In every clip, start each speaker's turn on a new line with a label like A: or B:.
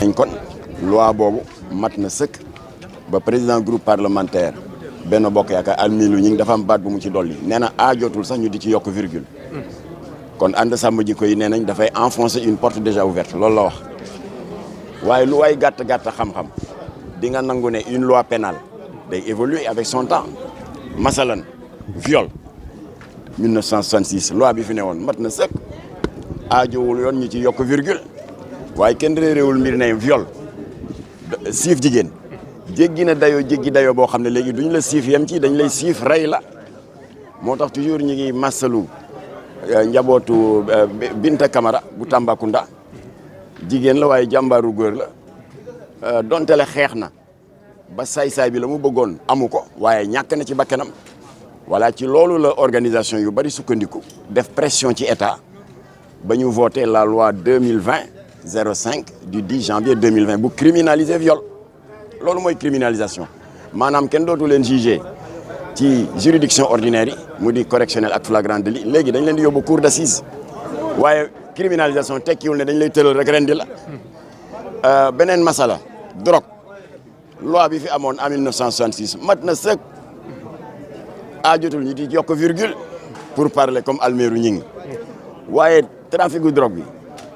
A: dañ kon loi boobu mat na sëkk ba président groupe parlementaire benn Bokk Yaakaar almilu ñi ngi dafa am baat bu mu ci dolli nee na a sax ñu di ci yokk virgule kon ànd sàmm jikko yi nee nañ dafay enfoncer une porte déjà ouverte loolu la wax waaye lu waay gàtt gàtt xam-xam di nga nangu ne une loi pénale day évoluer avec son temps masalan viol 1966 loi bi fi ne woon mat na sëkk aajowul yoon ñu ci yokk virgule waaye kenn réeréewul mbir ne viol siif jigéen jéggi na dayoo jéggi dayo boo xam ne léegi duñ la siif yem ci dañ lay siif rey la moo tax toujours ñu ngi massalu euh, njabootu euh, Binta kamara bu Tambacounda jigéen la waaye jàmbaaru góor la euh, donte la xeex na ba saay-saay bi la mu bëggoon amu ko waaye ñàkk na ci bakkenam voilà ci loolu la organisation yu bari sukkandiku def pression ci état ba ñu voté la loi 2020 05 du 10 janvier 2020 bu criminaliser viol loolu mooy criminalisation maanaam kenn dootu leen jugé ci juridiction ordinaire yi mu di correctionnel ak flagrant délit léegi dañ leen di yóbbu cour d'assises waaye criminalisation tekkiwul dañ lay tëral rek rendi la euh, beneen masala drogue loo bi fi amoon en 1966 mat na sëkk aajotul ñu di yokk virgule pour parler comme Almeru ñi ngi waaye trafic drogue bi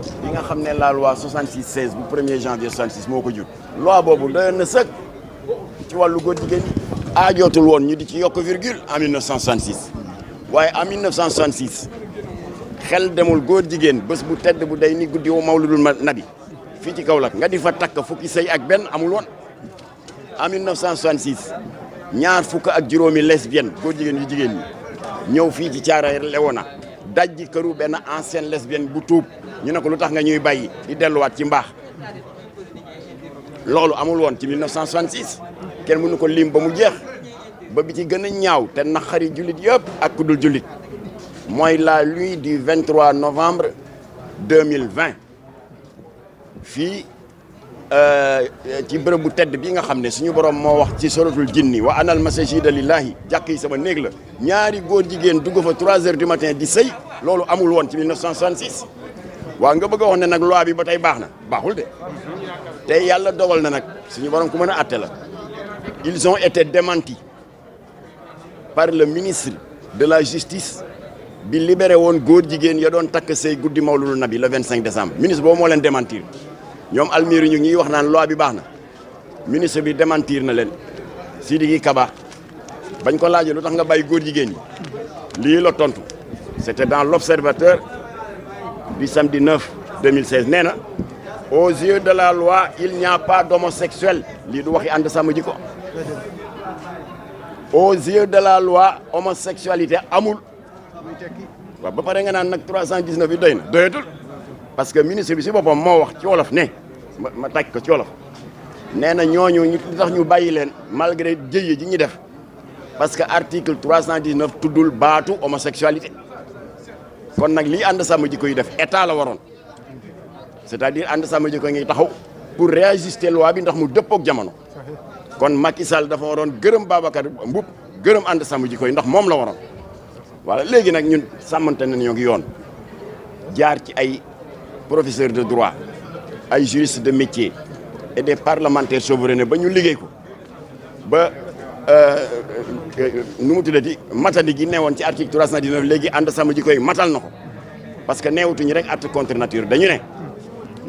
A: li nga xam ne la loi 66 16 bu 1er janvier 66 moo ko jur loi boobu doyoon na sëkk ci wàllu góor jigéen aajootul woon ñu di ci yokk virgule en 1966 waaye en 1966 xel demul góor jigéen bés bu tedd bu day ni guddi woo mawludul nabi fii ci Kaolack nga di fa takk fukki sëy ak benn amul woon en 1966 ñaar fukk ak juróomi lesbienne góor jigéen yu jigéen ñi ñëw fii ci Thiaroye Léona dajji këru benn ancienne lesbienne bu tuub ñu ne ko lu tax nga ñuy bàyyi di delluwaat ci mbaax loolu amul woon ci 1966 kenn nu ko liim ba mu jeex ba bi ci gën a ñaaw te naqari jullit yëpp ak ku dul jullit mooy la nuit du 23 novembre 2020 fii euh, ci bërëb bu tedd bi nga xam ne suñu borom moo wax ci suratul jinni wa anal masajida lillahi jàkk yi sama néeg la ñaari góor jigéen dugg fa 3 heures du matin di sëy loolu amul woon ci 1966 waaw nga bëgg woon wax ne nag loi bi ba tey baax na baaxul de tey yàlla dogal na nag suñu borom ku mën a àtte la ils ont été démentis par le ministre de la justice bi libéré woon góor jigéen ya doon takk say guddi mawlulu nabi le cinq décembre ministre boobu moo leen démentir ñoom almiri ñu ngi wax naan loi bi baax na ministre bi démentir na leen si Sidiki Kaba bañ ko laajee lu tax nga bay góor jigéen ñi lii la tontu. c'était dans l'Observateur du samedi 9 2016 nee na aux yeux de la loi il n'y a pas d'homosexuel lii du waxi ànd sama jikko aux yeux de la loi homosexualité amul waaw ba pare nga naan nag 319 bi doy na doyatul parce que ministre bi si boppam moo wax ci wolof ne ma ma ko ci wolof nee na ñooñu ñu li tax ñu bàyyi leen malgré jëye ji ñu def parce que article 319 tuddul baatu homosexualité kon nag lii ànd sàmm jikko yi def état la waroon c'est-à-dire ànd sàmm jikko ngi taxaw pour réajuster loi bi ndax mu dëppook jamono kon Macky Sall dafa waroon gërëm Babacar Mboup gërëm ànd sàmm jikko yi ndax moom la waroon voilà léegi nag ñu sàmmante na ñoo ngi yoon jaar ci ay professeur de droit ay juriste de métier et des parlementaires souverains ba ñu liggéey ko ba euh, nu mu tuddati matali ne newoon ci article 319 léegi ànd sàmm ji koy matal na ko parce que neewutuñu rek acte contre nature dañu ne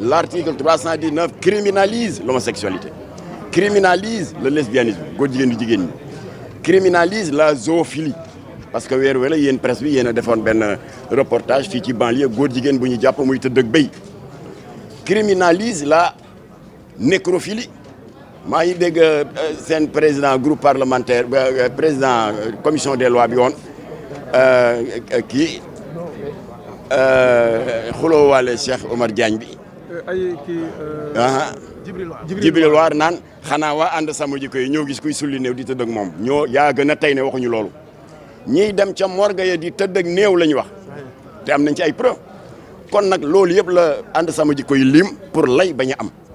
A: l' article 319 criminalise l'homosexualité criminalise le lesbianisme góor jigéen du jigéen ñi criminalise la zoophilie parce que weer wala yéen presse bi yéen a defoon benn reportage fii ci banlieue góor jigéen bu ñu jàpp muy tëdd ak béy criminalise la nécrophilie maa ngi dégg euh, seen président groupe parlementaire euh, euh, président commission des lois bi woon kii xuloo waale Cheikh Omar jaañ bi. ay kii. Ah, Jibril Waar naan xanaa waa ànd sama jikko yi ñoo gis kuy sulli néew di tëdd moom ñoo yaa gën tey ne waxuñu loolu ñiy dem ca morgue ya di tëdd ak néew la ñu wax te am nañ ci ay preuve kon nag loolu yëpp la ànd sama jikko yi lim pour lay bañ a am.